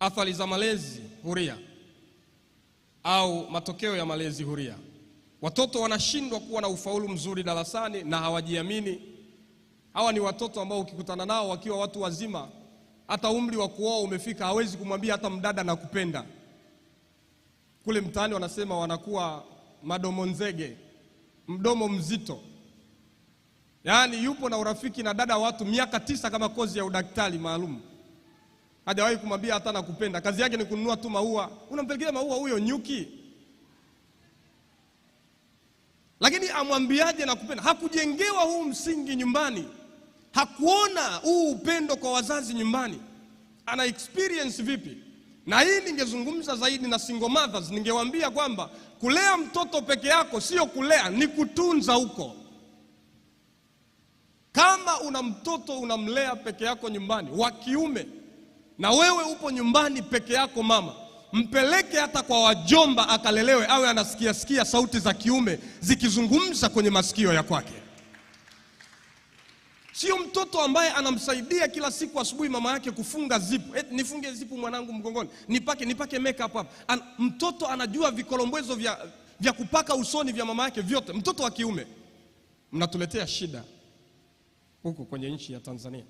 athari za malezi huria au matokeo ya malezi huria. Watoto wanashindwa kuwa na ufaulu mzuri darasani na hawajiamini. Hawa ni watoto ambao ukikutana nao wakiwa watu wazima, hata umri wa kuoa umefika, hawezi kumwambia hata mdada na kupenda. Kule mtaani wanasema wanakuwa madomo nzege, mdomo mzito, yaani yupo na urafiki na dada watu miaka tisa kama kozi ya udaktari maalum hajawahi kumwambia hata nakupenda. Kazi yake ni kununua tu maua, unampelekea maua huyo nyuki. Lakini amwambiaje nakupenda? Hakujengewa huu msingi nyumbani, hakuona huu upendo kwa wazazi nyumbani, ana experience vipi? Na hii ningezungumza zaidi na single mothers, ningewaambia kwamba kulea mtoto peke yako sio kulea, ni kutunza huko kama una mtoto unamlea peke yako nyumbani wa kiume na wewe upo nyumbani peke yako, mama, mpeleke hata kwa wajomba akalelewe, awe anasikia sikia sauti za kiume zikizungumza kwenye masikio ya kwake. Sio mtoto ambaye anamsaidia kila siku asubuhi mama yake kufunga zipu, eti eh, nifunge zipu mwanangu mgongoni, nipake nipake makeup hapa. An, mtoto anajua vikolombwezo vya, vya kupaka usoni vya mama yake vyote. Mtoto wa kiume mnatuletea shida huku kwenye nchi ya Tanzania.